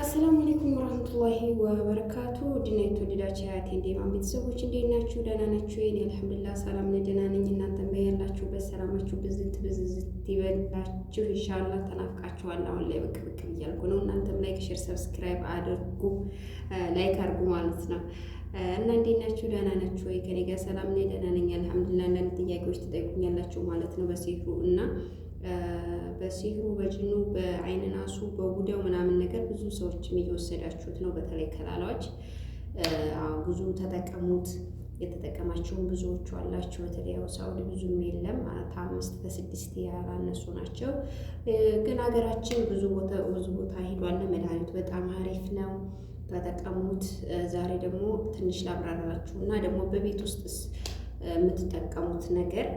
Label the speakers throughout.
Speaker 1: አሰላሙ አለይኩም ወራህመቱላሂ ወበረካቱ ድና የተወደዳችሁ የአያቴ እንዴማን ቤተሰቦች እንዴት ናችሁ? ደህና ናችሁ? ይኔ አልሐምዱሊላህ ሰላም ነኝ፣ ደህና ነኝ። እናንተም በያላችሁበት ሰላማችሁ ብዝት ብዝዝት ይበላችሁ። ኢንሻአላህ ተናፍቃችኋል። አሁን ላይ ብቅ ብቅ እያልኩ ነው። እናንተም ላይክ፣ ሼር፣ ሰብስክራይብ አድርጉ። ላይክ አድርጉ ማለት ነው እና እንዴት ናችሁ? ደህና ናችሁ ወይ? ከኔ ጋር ሰላም ነኝ፣ ደህና ነኝ። አልሐምዱሊላህ። አንዳንድ ጥያቄዎች ትጠይቁኛላችሁ ማለት ነው በሴቱ እና በሲህሩ በጅኑ በአይን በአይንናሱ በጉዳዩ ምናምን ነገር ብዙ ሰዎችም እየወሰዳችሁት ነው። በተለይ ከላላዎች ብዙ ተጠቀሙት። የተጠቀማቸውን ብዙዎቹ አላቸው። በተለይ ሳውዲ ብዙም የለም ከአምስት ከስድስት ያላነሱ ናቸው። ግን ሀገራችን ብዙ ቦታ ብዙ ቦታ ሂዷል። መድኃኒቱ በጣም አሪፍ ነው። ተጠቀሙት። ዛሬ ደግሞ ትንሽ ላብራራላችሁ እና ደግሞ በቤት ውስጥ የምትጠቀሙት ነገር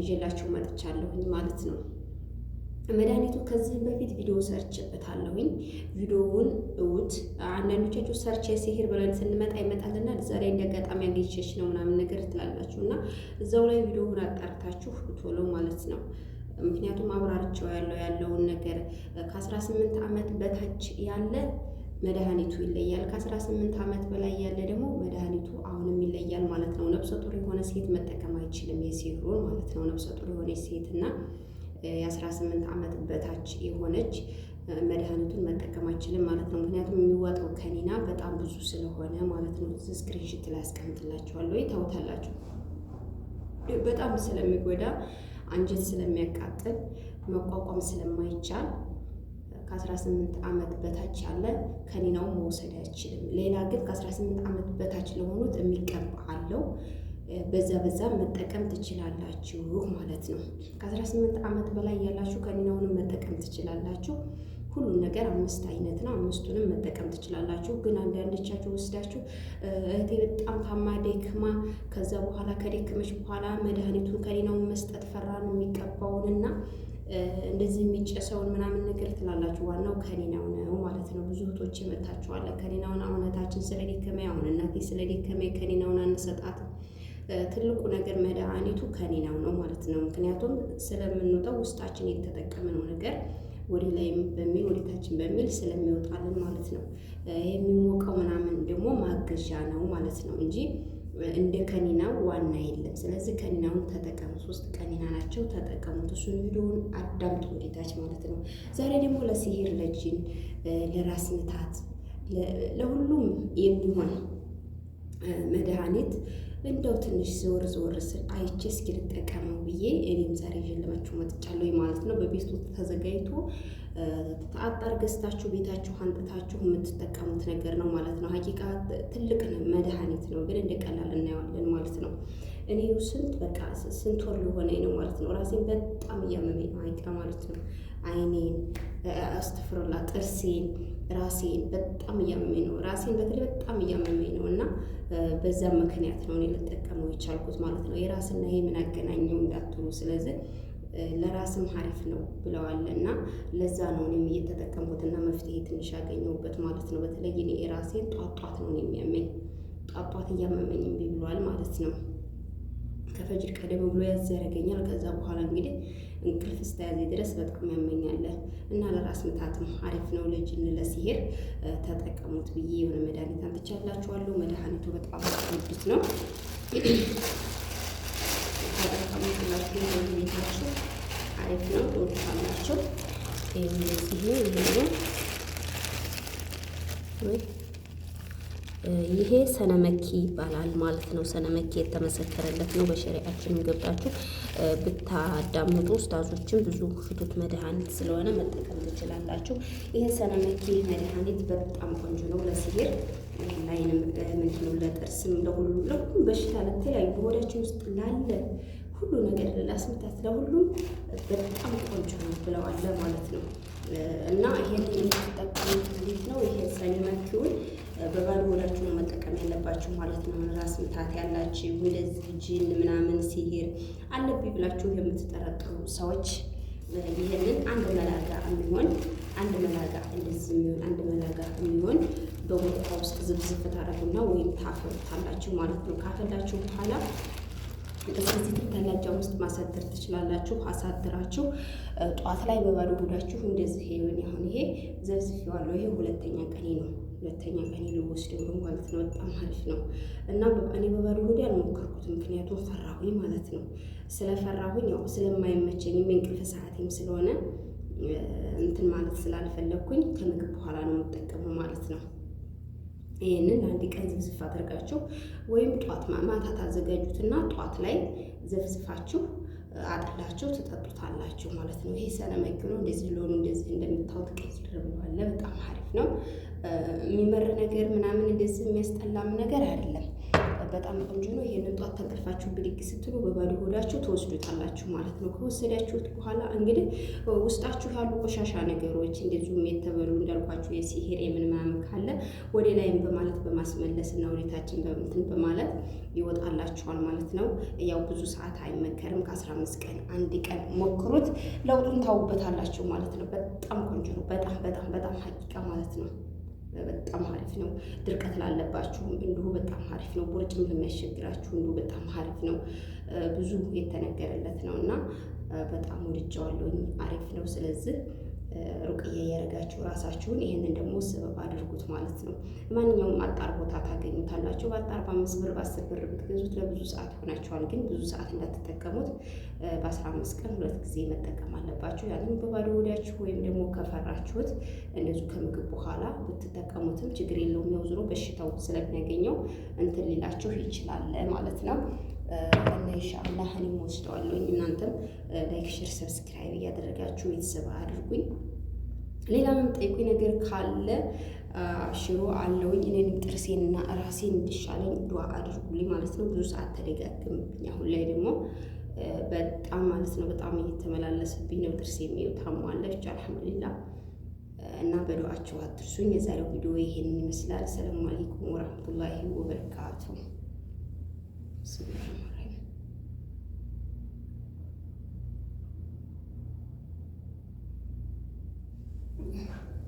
Speaker 1: ይዤላችሁ መጥቻለሁኝ ማለት ነው። መድኃኒቱ ከዚህ በፊት ቪዲዮ ሰርችበታለሁኝ። ቪዲዮውን እውት አንዳንዶቻችሁ ሰርች ሲሄድ ብለን ስንመጣ ይመጣልና እዛ ላይ እንዲያጋጣሚ ያገኘች ነው ምናምን ነገር ትላላችሁ እና እዛው ላይ ቪዲዮውን አጣርታችሁ ቶሎ ማለት ነው። ምክንያቱም አብራርቸው ያለው ያለውን ነገር ከ18 ዓመት በታች ያለ መድኃኒቱ ይለያል። ከ18 ዓመት በላይ ያለ ደግሞ መድኃኒቱ አሁንም ይለያል ማለት ነው። ነብሰ ጡር የሆነ ሴት መጠቀም አይችልም። የሲሩን ማለት ነው። ነብሰ ጡር የሆነ ሴት እና የ18 ዓመት በታች የሆነች መድኃኒቱን መጠቀም አይችልም ማለት ነው። ምክንያቱም የሚዋጠው ከኒና በጣም ብዙ ስለሆነ ማለት ነው። ስክሪንሽት ላይ ወይ ታውታላችሁ። በጣም ስለሚጎዳ አንጀት ስለሚያቃጥል መቋቋም ስለማይቻል ከ18 ዓመት በታች ያለ ከኒናው መውሰድ አይችልም። ሌላ ግን ከ18 ዓመት በታች ለሆኑት የሚቀባ አለው። በዛ በዛ መጠቀም ትችላላችሁ ማለት ነው። ከ18 ዓመት በላይ ያላችሁ ከኒናውንም መጠቀም ትችላላችሁ። ሁሉም ነገር አምስት አይነት ነው። አምስቱንም መጠቀም ትችላላችሁ። ግን አንዳንዶቻችሁ ወስዳችሁ እህቴ በጣም ታማ ደክማ ከዛ በኋላ ከደክመች በኋላ መድኃኒቱን ከሌናው መስጠት ፈራን የሚቀባውንና እንደዚህ የሚጨሰውን ምናምን ነገር ትላላችሁ። ዋናው ከኒናው ነው ማለት ነው። ብዙ እህቶች ይመታችኋል። ከኒናውን አሁነታችን ስለደከመ አሁን እናቴ ስለደከመ ከኒናውን አንሰጣትም ትልቁ ነገር መድኃኒቱ ከኒናው ነው ማለት ነው። ምክንያቱም ስለምንወጣው ውስጣችን የተጠቀምነው ነገር ወደ ላይ በሚል ወደ ታችን በሚል ስለሚወጣልን ማለት ነው። የሚሞቀው ምናምን ደግሞ ማገዣ ነው ማለት ነው እንጂ እንደ ከኒናው ዋና የለም። ስለዚህ ከኒናውን ተጠቀሙ። ሶስት ከኒና ናቸው፣ ተጠቀሙት። እሱን ቪዲዮውን አዳምጡ ወደታች ማለት ነው። ዛሬ ደግሞ ለሲሄር፣ ለጅን፣ ለራስ ምታት፣ ለሁሉም የሚሆን መድኃኒት እንደው ትንሽ ዘወር ዘወር ስል አይቼ እስኪ ልጠቀመው ብዬ እኔም ዛሬ ይዤላችሁ መጥቻለሁ ማለት ነው። በቤት ውስጥ ተዘጋጅቶ አጣር ገዝታችሁ ቤታችሁ አንጥታችሁ የምትጠቀሙት ነገር ነው ማለት ነው። ሀቂቃ ትልቅ መድኃኒት ነው፣ ግን እንደ ቀላል እናየዋለን ማለት ነው። እኔ ስንት በቃ ስንት ወር ሊሆነኝ ነው ማለት ነው። ራሴን በጣም እያመመኝ ነው ሀቂቃ ማለት ነው። አይኔን አስተፍሮላ ጥርሴን ራሴን በጣም እያመመኝ ነው። ራሴን በተለይ በጣም እያመመኝ ነው እና በዛም ምክንያት ነው እኔ ልጠቀመው የቻልኩት ማለት ነው። የራስና ይሄ ምን አገናኘው እንዳትሉ ስለዚህ ለራስም ሀሪፍ ነው ብለዋል እና ለዛ ነው እኔም እየተጠቀምኩትና መፍትሄ ትንሽ ያገኘሁበት ማለት ነው። በተለይ እኔ የራሴን ጧጧት ነው የሚያመኝ ጧጧት እያመመኝ እምቢ ብለዋል ማለት ነው። ከፈጅር ቀደም ብሎ ያዝ ያደርገኛል። ከዛ በኋላ እንግዲህ እንቅልፍ እስከያዘ ድረስ በጣም ያመኛለ እና ለራስ ምታትም አሪፍ ነው። ልጅ ለሲሄር ተጠቀሙት ብዬ የሆነ መድኃኒት አምጥቻላችኋለሁ። መድኃኒቱ በጣም ውድ ነው። እንደዚህ ነው። ይሄ ሰነመኪ ይባላል ማለት ነው። ሰነመኪ የተመሰከረለት ነው። በሸሪአችንም ገብታችሁ ብታዳምጡ ውስታዞችን ብዙ ፍቱት መድኃኒት ስለሆነ መጠቀም ትችላላችሁ። ይሄ ሰነመኪ መድኃኒት በጣም ቆንጆ ነው። ለሲሄር ላይንም ምንድነው ለጥርስም ለሁሉ ለሁሉም በሽታ ለተለያዩ በሆዳችን ውስጥ ላለ ሁሉ ነገር ለስምታት ለሁሉም በጣም ቆንጆ ነው ብለዋለ ማለት ነው። እና ይሄን የምትጠቀሙት እንዴት ነው? ይሄ ሰኒመኪውን በባዶ ነው መጠቀም ያለባችሁ ማለት ነው። ራስ ምታት ያላችሁ እንደዚህ ጅን ምናምን ሲሄድ አለብኝ ብላችሁ የምትጠረጥሩ ሰዎች ይህንን አንድ መላጋ የሚሆን አንድ መላጋ እንደዚህ የሚሆን አንድ መላጋ የሚሆን በቦታ ውስጥ ዝብዝብ ታደርጉና ወይም ታፈሉታላችሁ ማለት ነው። ካፈላችሁ በኋላ እስከዚህ ትተላጃ ውስጥ ማሳደር ትችላላችሁ። አሳድራችሁ ጠዋት ላይ በባዶ ሆዳችሁ እንደዚህ ይሁን ያሁን ይሄ ዘብዝፌዋለሁ። ይሄ ሁለተኛ ቀኔ ነው። ሁለተኛ ቀኔ ልወስደው ነው ማለት ነው። በጣም አሪፍ ነው እና እኔ በባዶ ሆዴ አልሞከርኩት፣ ምክንያቱም ፈራሁኝ ማለት ነው። ስለፈራሁኝ ያው ስለማይመቸኝ የእንቅልፍ ሰዓቴም ስለሆነ እንትን ማለት ስላልፈለግኩኝ ከምግብ በኋላ ነው የምጠቀመው ማለት ነው። ይህንን አንድ ቀን ዝፍዝፍ አድርጋችሁ ወይም ጠዋት ማታ ታዘጋጁትና ጧት ላይ ዘፍዝፋችሁ አጥላችሁ ትጠጡታላችሁ ማለት ነው። ይሄ ሰለመኪ ነው። እንደዚህ ሎኑ እንደዚህ እንደምታዩት ቀይ ብሏል። በጣም አሪፍ ነው። የሚመር ነገር ምናምን እንደዚህ የሚያስጠላም ነገር አይደለም። በጣም ቆንጆ ነው። ይህንን ጧት ተንቀልፋችሁ ብድግ ስትሉ በባዶ ሆዳችሁ ተወስዱታላችሁ ማለት ነው። ከወሰዳችሁት በኋላ እንግዲህ ውስጣችሁ ያሉ ቆሻሻ ነገሮች እንደዚሁም የተበሉ እንዳልኳችሁ የሲሄር የምንምናምን ካለ ወደ ላይም በማለት በማስመለስ እና ወደታችን በምትን በማለት ይወጣላችኋል ማለት ነው። ያው ብዙ ሰዓት አይመከርም። ከአስራ አምስት ቀን አንድ ቀን ሞክሩት፣ ለውጡን ታውበታላችሁ ማለት ነው። በጣም ቆንጆ ነው። በጣም በጣም በጣም ሀቂቃ ማለት ነው። በጣም አሪፍ ነው። ድርቀት ላለባችሁ እንዲሁ በጣም አሪፍ ነው። ቦርጭም ለሚያስቸግራችሁ እንዲሁ በጣም አሪፍ ነው። ብዙ የተነገረለት ነው እና በጣም ወድጀዋለሁኝ። አሪፍ ነው። ስለዚህ ሩቅዬ እያደረጋችሁ ራሳችሁን ይህንን ደግሞ ስበብ አድርጉት ማለት ነው። ማንኛውም አጣር ቦታ ታገኙታላችሁ። በአጣር በአምስት ብር በአስር ብር ብትገዙት ለብዙ ሰዓት ይሆናችኋል። ግን ብዙ ሰዓት እንዳትጠቀሙት በአስራ አምስት ቀን ሁለት ጊዜ መጠቀም አለባችሁ። ያንን በባዶ ወዲያችሁ ወይም ደግሞ ከፈራችሁት እንደዚሁ ከምግብ በኋላ ብትጠቀሙትም ችግር የለውም። ያው ዞሮ በሽታው ስለሚያገኘው እንትን ሊላችሁ ይችላል ማለት ነው። እና ኢንሻአላህ እኔም ወስደዋለሁኝ። እናንተም ላይክ፣ ሼር፣ ሰብስክራይብ እያደረጋችሁ ቤተሰብ አድርጉኝ። ሌላ የምጠይቁኝ ነገር ካለ አብሽሮ አለውኝ። እኔንም ጥርሴንና ራሴን እንዲሻለኝ ዱዓ አድርጉልኝ ማለት ነው። ብዙ ሰዓት ተደጋግምብኝ። አሁን ላይ ደግሞ በጣም ማለት ነው በጣም እየተመላለስብኝ ነው ጥርሴ የሚው ታሟለ። ብቻ አልሐምዱሊላ እና በዱዓቸው አትርሱኝ። የዛሬው ቪዲዮ ይሄንን ይመስላል። ሰላም አለይኩም ወረህመቱላሂ ወበረካቱ። Yeah.